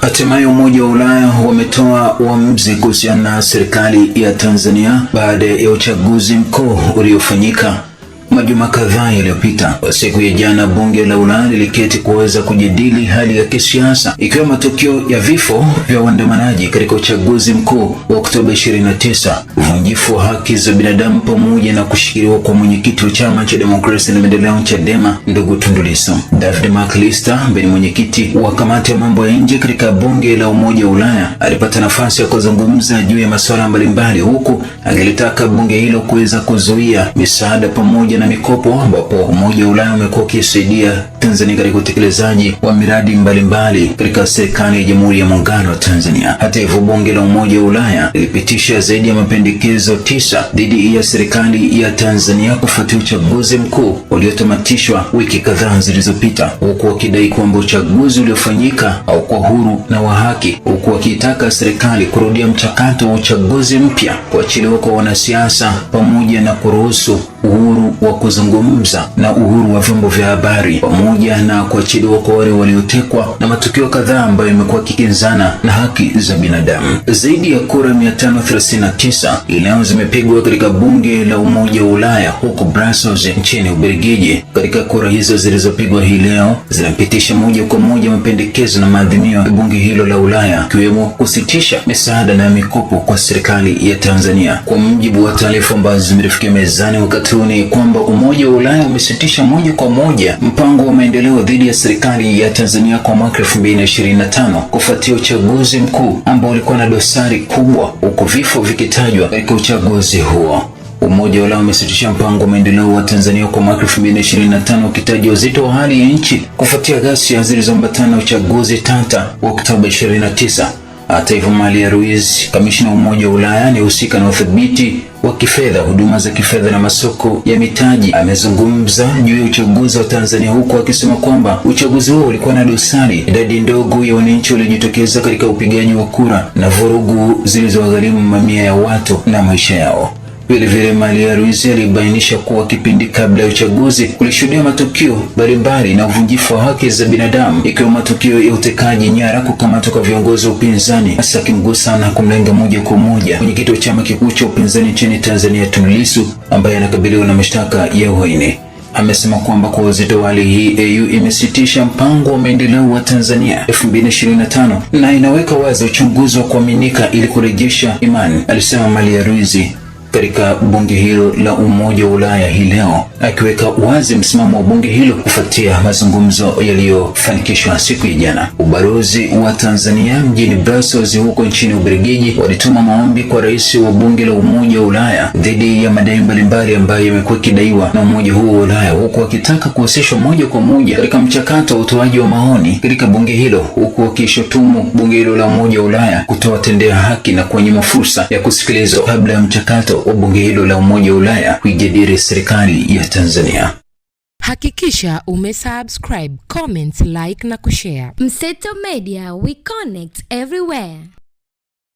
Hatimaye Umoja wa Ulaya wametoa uamuzi kuhusiana na serikali ya Tanzania baada ya uchaguzi mkuu uliofanyika. Majuma kadhaa yaliyopita, kwa siku ya jana, bunge la Ulaya liliketi kuweza kujadili hali ya kisiasa ikiwa matukio ya vifo vya waandamanaji katika uchaguzi mkuu wa Oktoba 29, uvunjifu wa haki za binadamu, pamoja na kushikiliwa kwa mwenyekiti wa chama cha demokrasia na maendeleo Chadema, ndugu Tundu Lissu. David McAllister ambaye ni mwenyekiti wa kamati ya mambo ya nje katika bunge la Umoja wa Ulaya alipata nafasi ya kuzungumza juu ya masuala mbalimbali, huku akilitaka bunge hilo kuweza kuzuia misaada pamoja na na mikopo ambapo Umoja wa Ulaya umekuwa ukisaidia Tanzania katika utekelezaji wa miradi mbalimbali katika serikali ya Jamhuri ya Muungano wa Tanzania. Hata hivyo, bunge la Umoja wa Ulaya lilipitisha zaidi ya mapendekezo tisa dhidi ya serikali ya Tanzania kufuatia uchaguzi mkuu uliotamatishwa wiki kadhaa zilizopita, huku wakidai kwamba uchaguzi uliofanyika haukuwa huru na wa haki, huku wakitaka serikali kurudia mchakato wa uchaguzi mpya, kuachiliwa kwa wanasiasa pamoja na kuruhusu uhuru wa kuzungumza na uhuru wa vyombo vya habari pamoja na kuachiliwa kwa wale waliotekwa na matukio kadhaa ambayo yamekuwa kikinzana na haki za binadamu. Zaidi ya kura 539 leo zimepigwa katika bunge la Umoja wa Ulaya huko Brussels nchini Ubelgiji. Katika kura hizo zilizopigwa hii leo zinapitisha moja kwa moja mapendekezo na maadhimio ya bunge hilo la Ulaya, ikiwemo kusitisha misaada na mikopo kwa serikali ya Tanzania. Kwa mujibu wa taarifa ambazo zimefikia mezani wakati tatu ni kwamba Umoja wa Ulaya umesitisha moja kwa moja mpango wa maendeleo dhidi ya serikali ya Tanzania kwa mwaka 2025 kufuatia uchaguzi mkuu ambao ulikuwa na dosari kubwa, huku vifo vikitajwa katika uchaguzi huo. Umoja wa Ulaya umesitisha mpango wa maendeleo wa Tanzania kwa mwaka 2025 ukitaja uzito wa hali ya nchi kufuatia ghasia zilizoambatana na uchaguzi tata wa Oktoba 29. Taifa Malia Ruiz, kamishina wa Umoja wa Ulaya anayehusika na udhibiti wa kifedha, huduma za kifedha na masoko ya mitaji, amezungumza juu ya uchaguzi wa Tanzania huku akisema kwamba uchaguzi huo ulikuwa na dosari, idadi ndogo ya wananchi waliojitokeza katika upigaji wa kura na vurugu zilizowagharimu mamia ya watu na maisha yao. Vilevile, ya Ruizi alibainisha kuwa kipindi kabla ya uchaguzi kulishuhudia matukio mbalimbali na uvunjifu wa haki za binadamu, ikiwa matukio ya utekaji nyara, kukamatwa kwa viongozi wa upinzani, hasa akimgusa na kumlenga moja kwa moja mwenyekiti wa chama kikuu cha upinzani nchini Tanzania, Tundu Lissu, ambaye anakabiliwa na mashtaka ya uhaini. Amesema kwamba kwa uzito wa hali hii, AU imesitisha mpango wa maendeleo wa Tanzania 2025 na inaweka wazi uchunguzi wa kuaminika ili kurejesha imani, alisema ya Ruizi katika bunge hilo la Umoja wa Ulaya hii leo akiweka wazi msimamo wa bunge hilo kufuatia mazungumzo yaliyofanikishwa siku ya jana. Ubalozi wa Tanzania mjini Brussels huko nchini Ubelgiji walituma maombi kwa rais wa bunge la Umoja wa Ulaya dhidi ya madai mbalimbali ambayo yamekuwa ikidaiwa na umoja huo wa Ulaya, huku wakitaka kuhusishwa moja kwa moja katika mchakato wa utoaji wa maoni katika bunge hilo, huku wakishutumu bunge hilo la Umoja wa Ulaya kutowatendea haki na kuwanyima fursa ya kusikilizwa kabla ya mchakato wa bunge hilo la Umoja wa Ulaya kuijadili serikali ya Tanzania. Hakikisha umesubscribe, comment, like na kushare. Mseto Media, we connect everywhere.